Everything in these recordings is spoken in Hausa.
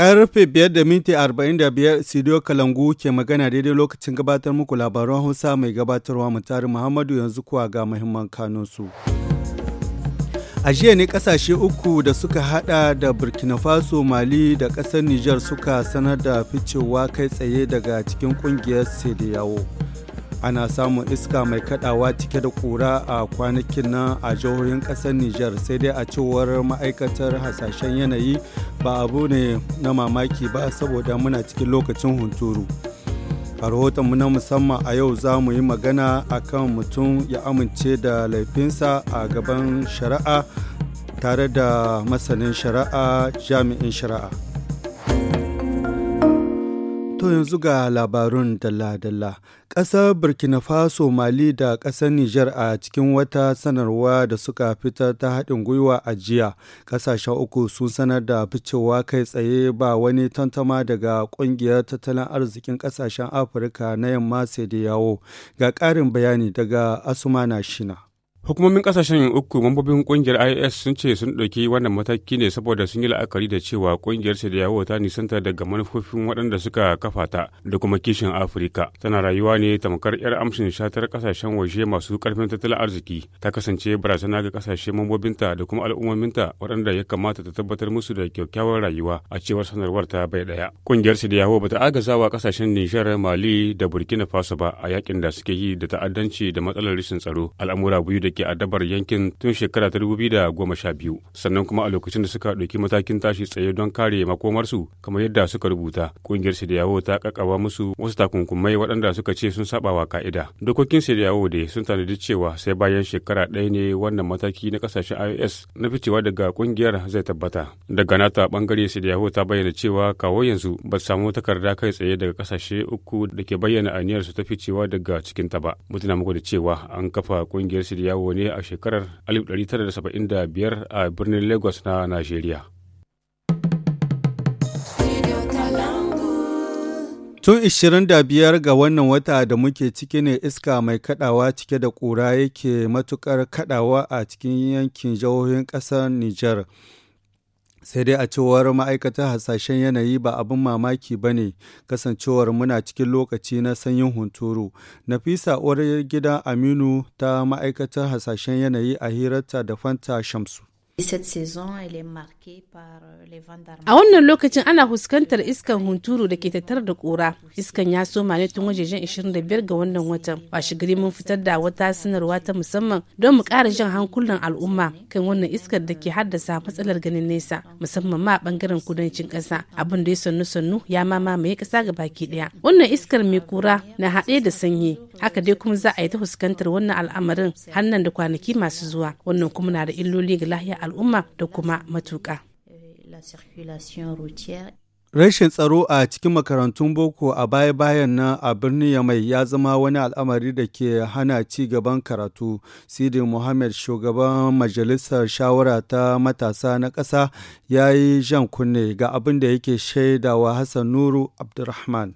Karfe 5 da minti 45 Sidiyo Kalangu ke magana daidai lokacin gabatar muku labaran Hausa mai gabatarwa mutari Muhammadu yanzu kuwa ga muhimman kanunsu. A jiya ne kasashe uku da suka hada da Burkina Faso, Mali da ƙasar Nijar suka sanar da ficewa kai tsaye daga cikin ƙungiyar Sediyawo. yawo. ana samun iska mai kadawa cike da kura a kwanakin nan a jihohin kasar Nijar sai dai a cewar ma'aikatar hasashen yanayi ba abu ne na mamaki ba saboda muna cikin lokacin hunturu. a rahotonmu na musamman a yau za mu yi magana a kan mutum ya amince da laifinsa a gaban shari'a tare da masanin shari'a jami'in shari'a. yanzu ga labarun dalla-dalla. Ƙasar Burkina Faso, Mali da ƙasar Nijar a cikin wata sanarwa da suka fitar ta haɗin gwiwa a jiya. Ƙasashen uku sun sanar da ficewa kai tsaye ba wani tantama daga ƙungiyar tattalin arzikin ƙasashen Afirka na yamma sai da yawo. Ga ƙarin bayani daga Asuma na Shina. Hukumomin kasashen uku mambobin kungiyar IS sun ce sun ɗauki wannan mataki ne saboda sun yi la'akari da cewa kungiyar su da yawo ta nisanta daga manufofin waɗanda suka kafa ta da kuma kishin Afirka. Tana rayuwa ne tamkar 'yar amshin shatar kasashen waje masu ƙarfin tattalin arziki. Ta kasance barazana ga kasashe mambobinta da kuma al'ummominta waɗanda ya kamata ta tabbatar musu da kyakkyawar rayuwa a cewar sanarwar ta bai ɗaya. Kungiyar su da yawo bata agaza wa kasashen Nijar, Mali da Burkina Faso ba a yakin da suke yi da ta'addanci da matsalar rashin tsaro. Al'amura biyu da ke adabar yankin tun shekara ta dubu biyu da goma sha biyu sannan kuma a lokacin da suka ɗauki matakin tashi tsaye don kare makomarsu kamar yadda suka rubuta ƙungiyar yawo ta ƙaƙawa musu wasu takunkumai waɗanda suka ce sun saba wa ka'ida dokokin yawo da sun tanadi cewa sai bayan shekara ɗaya ne wannan mataki na ƙasashen ios na ficewa daga ƙungiyar zai tabbata daga nata ɓangare yawo ta bayyana cewa kawo yanzu ba su samu takarda kai tsaye daga ƙasashe uku da ke bayyana aniyar su ta ficewa daga cikinta ba mutuna muku da cewa an kafa ƙungiyar yawo yawo ne a shekarar 1975 a birnin Lagos na Najeriya. Tun 25 ga wannan wata da muke ciki ne iska mai kadawa cike da ƙura yake matukar kadawa a cikin yankin jihohin ƙasar Nijar. sai dai a cewar ma'aikatar hasashen yanayi ba abin mamaki ba ne kasancewar muna cikin lokaci na sanyin hunturu nafisa uwar gidan aminu ta ma'aikatar hasashen yanayi a hirarta da fanta shamsu Euh, a wannan lokacin ana huskantar iskan hunturu da ke tattara da kura. Iskan ya soma ne tun wajejen 25 ga wannan watan. Washe gari mun fitar da wata sanarwa ta musamman don mu kara jan hankulan al'umma kan wannan iskar da ke haddasa matsalar ganin nesa musamman ma a bangaren kudancin kasa Abin da ya sannu sannu ya ma mamaye kasa ga baki ɗaya. Wannan iskar mai kura na haɗe da sanyi. Haka dai kuma za a yi ta huskantar wannan al'amarin hannan da kwanaki masu zuwa. Wannan kuma na da illoli ga lahiyar al'umma da kuma matuƙa. Rashin tsaro a cikin makarantun boko a baya-bayan nan a birnin Yamai ya zama wani al'amari da ke hana ci gaban karatu. Sidi Mohammed shugaban majalisar shawara ta matasa na ƙasa ya yi jan kunne ga abin da yake shaidawa Hassan Nuru Abdulrahman.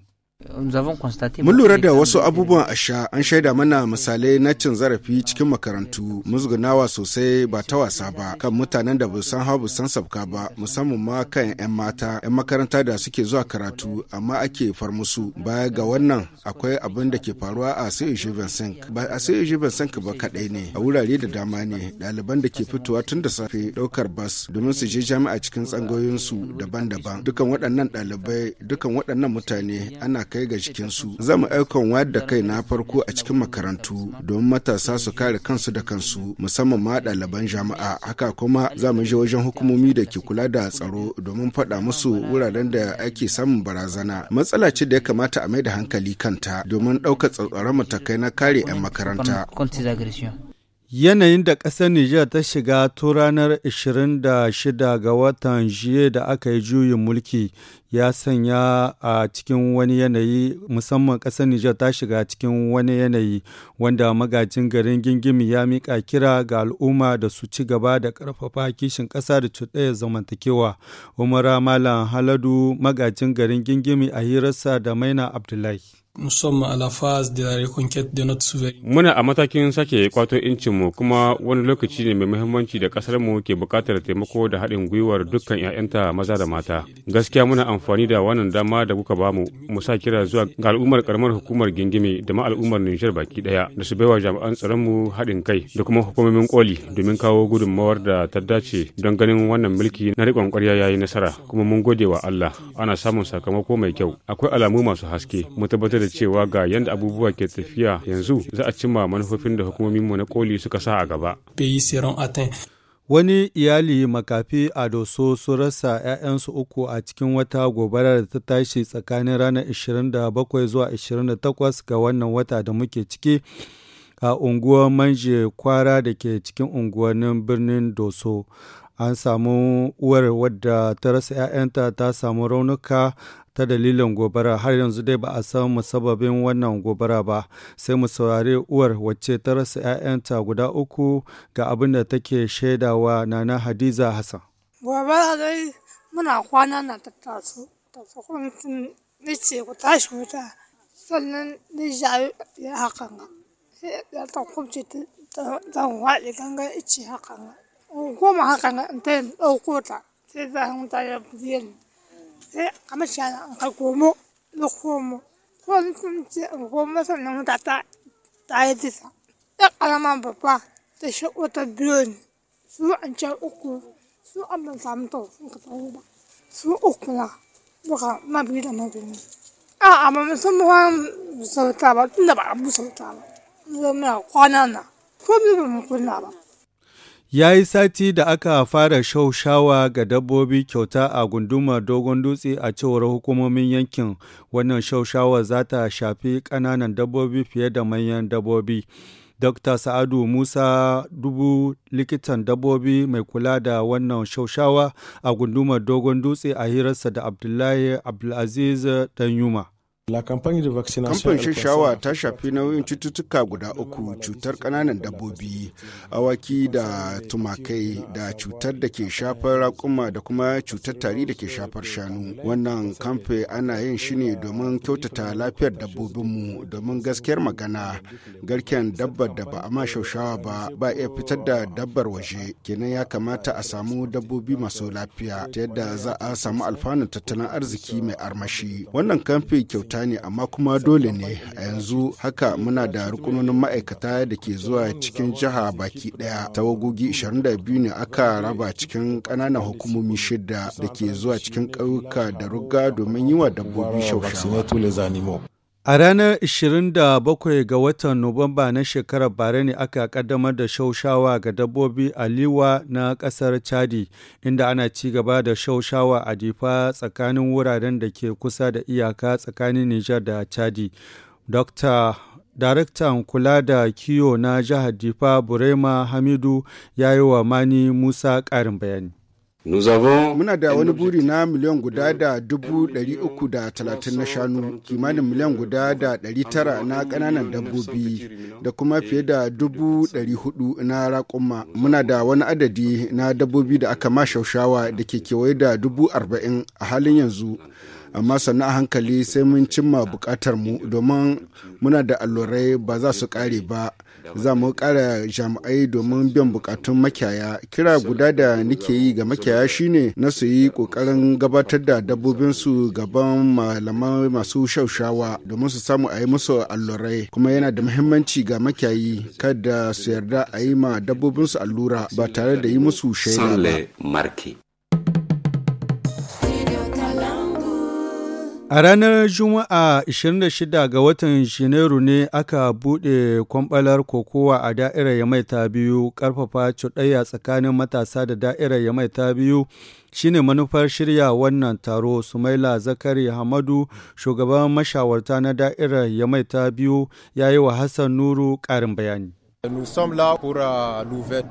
Mun lura da wasu abubuwan a sha an shaida mana misalai na cin zarafi cikin makarantu musgunawa sosai ba ta wasa ba kan mutanen da san hau san sabka ba musamman ma kan 'yan mata 'yan makaranta da suke zuwa karatu amma ake far musu baya ga wannan akwai abin da ke faruwa a sai Vincent ba a sai Vincent ba kadai ne a wurare da dama ne ɗaliban da ke fitowa tun da safe ɗaukar bas domin su je jami'a cikin tsangoyinsu daban-daban dukan waɗannan ɗalibai dukan waɗannan mutane ana kai ga jikinsu mu aikan wayar da kai na farko a cikin makarantu don matasa su kare kansu da kansu musamman ma ɗaliban jami'a haka kuma za mu je wajen hukumomi da ke kula da tsaro domin faɗa musu wuraren da ake samun barazana matsala ce da ya kamata a mai da hankali kanta domin ɗaukar tsatsauran matakai na kare 'yan makaranta Yanayin da ƙasar Nijar ta shiga tun ranar 26 ga watan jiya da aka yi juyin mulki ya sanya a cikin wani yanayi musamman ƙasar Nijar ta shiga cikin wani yanayi wanda magajin garin gingimi ya mika kira ga al'umma da su ci gaba da ƙarfafa kishin ƙasa da cuɗaya zamantakewa. Umara Malam Haladu magajin garin gingimi a hirarsa da Maina Abdullahi. Muna a matakin sake kwato mu kuma wani lokaci ne mai muhimmanci da mu ke bukatar taimako da haɗin gwiwar dukkan 'ya'yanta maza da mata. Gaskiya muna amfani da wannan dama da kuka bamu mu sa kira zuwa ga al'ummar karamar hukumar gingimi da ma al'ummar Nijar baki ɗaya da su baiwa jami'an mu haɗin kai da kuma hukumomin koli domin kawo gudunmawar da ta dace don ganin wannan mulki na riƙon ƙwarya ya yi nasara kuma mun gode wa Allah ana samun sakamako mai kyau akwai alamu masu haske mu tabbatar da cewa ga yadda abubuwa ke tafiya yanzu za a cimma manufofin da hukumominmu na koli suka sa a gaba. Wani iyali makafi a Doso su rasa 'ya'yansu uku a cikin wata gobara da ta tashi tsakanin ranar 27 zuwa 28 ga wannan wata da muke ciki a unguwar manje kwara da ke cikin unguwannin birnin Doso. An samu uwar wadda ta rasa 'ya'yanta ta samu raunuka ta dalilin gobara har yanzu dai ba a samu sababin wannan gobara ba sai mu saurari uwar wacce ta rasa 'ya'yanta guda uku ga abin da take shaidawa nana hadiza hassan gobara dai muna kwana na tattaso tattaso ce ku tashi wuta sannan ni jayi ya hakan sai ya ta kubce ta ganga waɗe gangan ice hakan ga goma hakan ga ta ɗauko ta sai zan ta ya biyan 哎，俺们下呢，还过木落花木，我们今天我们是上能大大打一点那俺阿拉妈不包，得烧我的肉，烧俺家我公，烧俺们三叔，那个老吧？烧我哥啦，不看那边的那东西，啊，俺们什么饭说咋吧？的吧不说咋了？你说没有困难了，困难怎么困难吧？Ya yi sati da aka fara shaushawa ga dabbobi kyauta a gundumar Dogon Dutse a cewar hukumomin yankin. Wannan shaushawa za ta shafi ƙananan dabbobi fiye da manyan dabbobi. Dr. Sa'adu Musa dubu likitan dabbobi mai kula da wannan shaushawa a gundumar Dogon Dutse a hirarsa da Abdullahi Abdulaziz yuma. Kamfan shawa ta shafi nauyin cututtuka guda uku cutar ƙananan dabbobi, awaki da tumakai da cutar da ke shafar raƙuma da kuma cutar tari da ke shafar shanu. Wannan kamfe ana yin shi ne domin kyautata lafiyar dabbobinmu domin gaskiyar magana garken dabbar da ba a ma shaushawa ba ba iya fitar da dabbar waje kenan ya kamata a samu dabbobi masu lafiya ta yadda za a samu alfanun tattalin arziki mai armashi. Wannan kamfe kyauta ma'aikata ne amma kuma dole ne a yanzu haka muna da rukunonin ma'aikata da ke zuwa cikin jiha baki daya wagogi 22 ne aka raba cikin ƙananan hukumomi shida da ke zuwa cikin ƙauyuka da ruga domin yi wa dabbobi shaushawa A ranar 27 ga watan Nuwamba na shekarar bara ne aka kaddamar da shaushawa ga dabbobi a Liwa na ƙasar Chadi, inda ana ci gaba da shaushawa a difa tsakanin wuraren da ke kusa da iyaka tsakanin Nijar da Chadi. Dr. Daraktan kula da kiyo na jihar Difa Burema Hamidu ya yi wa Mani Musa ƙarin bayani. Muna da wani buri na miliyan guda da dubu ɗari uku da talatin na shanu, kimanin miliyan guda da ɗari tara na ƙananan dabbobi da kuma fiye da dubu ɗari hudu na raƙuma. Muna da wani adadi na dabbobi da aka ma shaushawa da ke kewaye da dubu arba'in a halin yanzu. amma sannan a hankali sai mun cimma bukatar mu domin muna da allurai ba za su kare ba za mu ƙara jami'ai domin biyan bukatun makiyaya kira guda da nike yi ga makiyaya shine na su yi ƙoƙarin gabatar da dabbobinsu gaban malaman masu shaushawa domin su samu a yi musu allurai kuma yana da muhimmanci ga makiyayi kada su yarda a yi ma dabbobinsu allura ba tare da yi musu shaida ba A ranar Juma'a 26 ga watan Janairu ne aka buɗe kwamɓalar kokowa a da'irar Yamai ta biyu, karfafa cuɗayya tsakanin matasa da da'irar Yamai ta biyu shine manufar shirya wannan taro Sumaila Zakari Hamadu, shugaban mashawarta na da'irar Yamai ta biyu, ya yi wa Hassan Nuru ƙarin bayani. Euh, euh,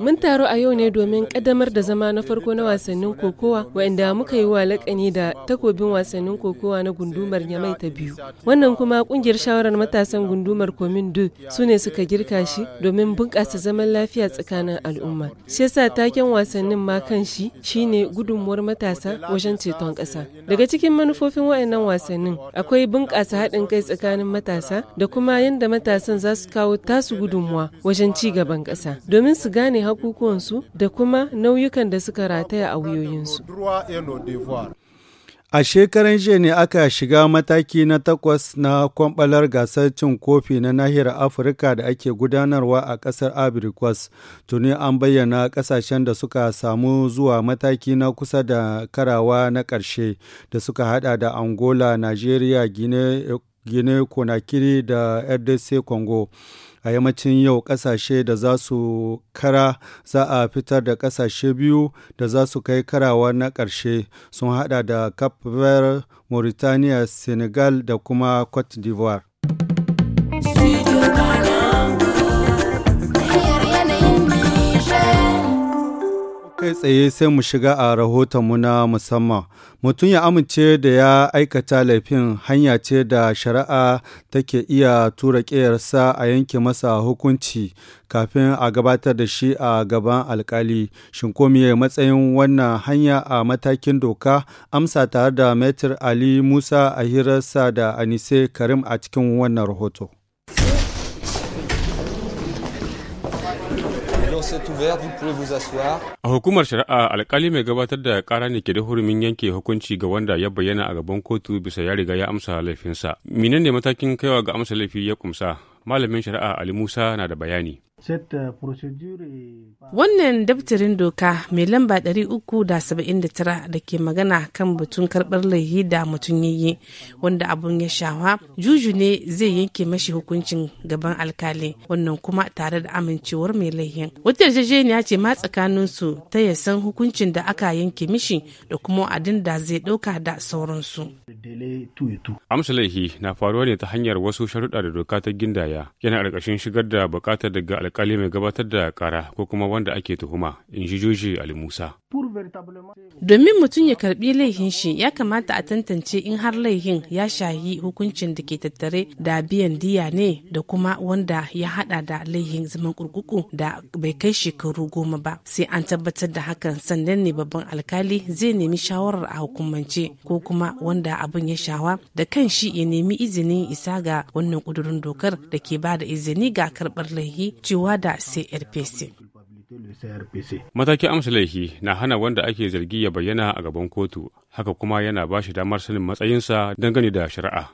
Mun taru a yau ne domin ƙaddamar da zama na farko na wasannin kokowa waɗanda muka yi wa lakani da takobin wasannin kokowa na gundumar Yamai ta biyu. Wannan kuma ƙungiyar shawarar matasan gundumar Komin Du su ne suka girka shi domin bunƙasa zaman lafiya tsakanin al'umma. Shi yasa taken wasannin ma kan shi shine gudunmuwar matasa wajen ceton ƙasa. Daga cikin manufofin waɗannan wasannin akwai bunƙasa haɗin kai tsakanin matasa da kuma yadda matasan za su kawo tasu gudunmuwa wajen ci gaban ƙasa domin su gane hakukuwansu da kuma nauyukan da suka rataya a wuyoyinsu. A shekaran jiya ne aka shiga mataki na takwas na kwambalar gasar cin kofi na nahiyar Afirka da ake gudanarwa a ƙasar Ivory Coast. Tuni an bayyana ƙasashen da suka samu zuwa mataki na kusa da karawa na ƙarshe da suka hada da Angola, Nigeria, Guinea, Guinea da RDC Congo. a yammacin yau kasashe da za su kara za a fitar da kasashe biyu da za su kai karawa na ƙarshe sun hada da cape verde mauritania senegal da kuma cote d'ivoire kai tsaye sai mu shiga a rahotonmu na musamman mutum ya amince da ya aikata laifin hanya ce da shari'a take iya tura ƙeyarsa a yanke masa hukunci kafin a gabatar da shi a gaban alkali shin ko komiye matsayin wannan hanya a matakin doka amsa tare da metir ali musa a hirarsa da anise karim a cikin wannan rahoto A hukumar shari'a alkali mai gabatar da kara ne ke da hurumin yanke hukunci ga wanda ya bayyana a gaban kotu bisa ya riga ya amsa laifinsa. ne matakin kaiwa ga amsa laifi ya kumsa? Malamin shari'a Ali Musa na da bayani. Uh, eh, wannan daftarin doka mai lamba 379 da ke magana kan batun karɓar laihi da mutum yayi wanda abun ya shawa juju ne zai yanke mashi hukuncin gaban alkali wannan kuma tare da amincewar mai laihin. Wata yarjejeniya ce ma tsakanin su ta ya san hukuncin da aka yanke mishi da kuma adin da zai ɗauka da sauransu. Amsa laihi na faruwa ne ta hanyar wasu sharuɗa da doka ta gindaya yana ƙarƙashin shigar da buƙatar daga alkali mai gabatar da kara ko kuma wanda ake tuhuma in ji joji ali musa domin mutum ya karbi laihin shi ya kamata a tantance in har laihin ya shahi hukuncin da ke tattare da biyan diya ne da kuma wanda ya hada da laihin zaman kurkuku da bai kai shekaru goma ba sai an tabbatar da hakan sannan ne babban alkali zai nemi shawarar a hukumance ko kuma wanda abin ya shawa da kan shi ya nemi izinin isa ga wannan kudurin dokar da ke ba da izini ga karbar laihi cewa da CRPC. Mataki amsa laifi na hana wanda ake zargi ya bayyana a gaban kotu, haka kuma yana ba shi damar sanin matsayinsa dangane da shari'a.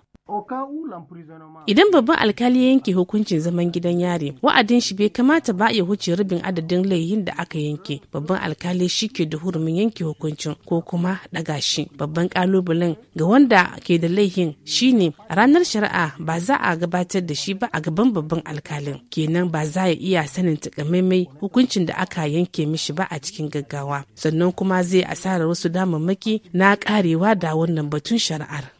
Idan babban alkali ya yanke hukuncin zaman gidan yari, wa'adin shi bai kamata ba ya huce rabin adadin laihin da aka yanke. Babban alkali shi ke da hurumin yanke hukuncin ko kuma daga shi. Babban kalubalen ga wanda ke da laihin shi ne ranar shari'a ba za a gabatar da shi ba a gaban babban alkalin. Kenan ba za ya iya sanin takamaimai hukuncin da aka yanke mishi ba a cikin gaggawa. Sannan kuma zai asarar wasu damammaki na karewa da wannan batun shari'ar.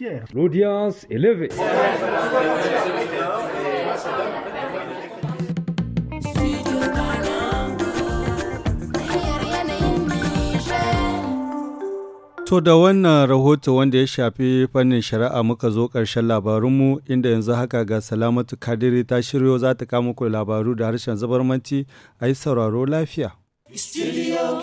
financière. L'audience est levée. To da wannan rahoto wanda ya shafi fannin shari'a muka zo ƙarshen labarunmu inda yanzu haka ga Salamatu Kadiri ta shiryo za ta kama labaru da harshen zabarmaci a yi sauraro lafiya. Studio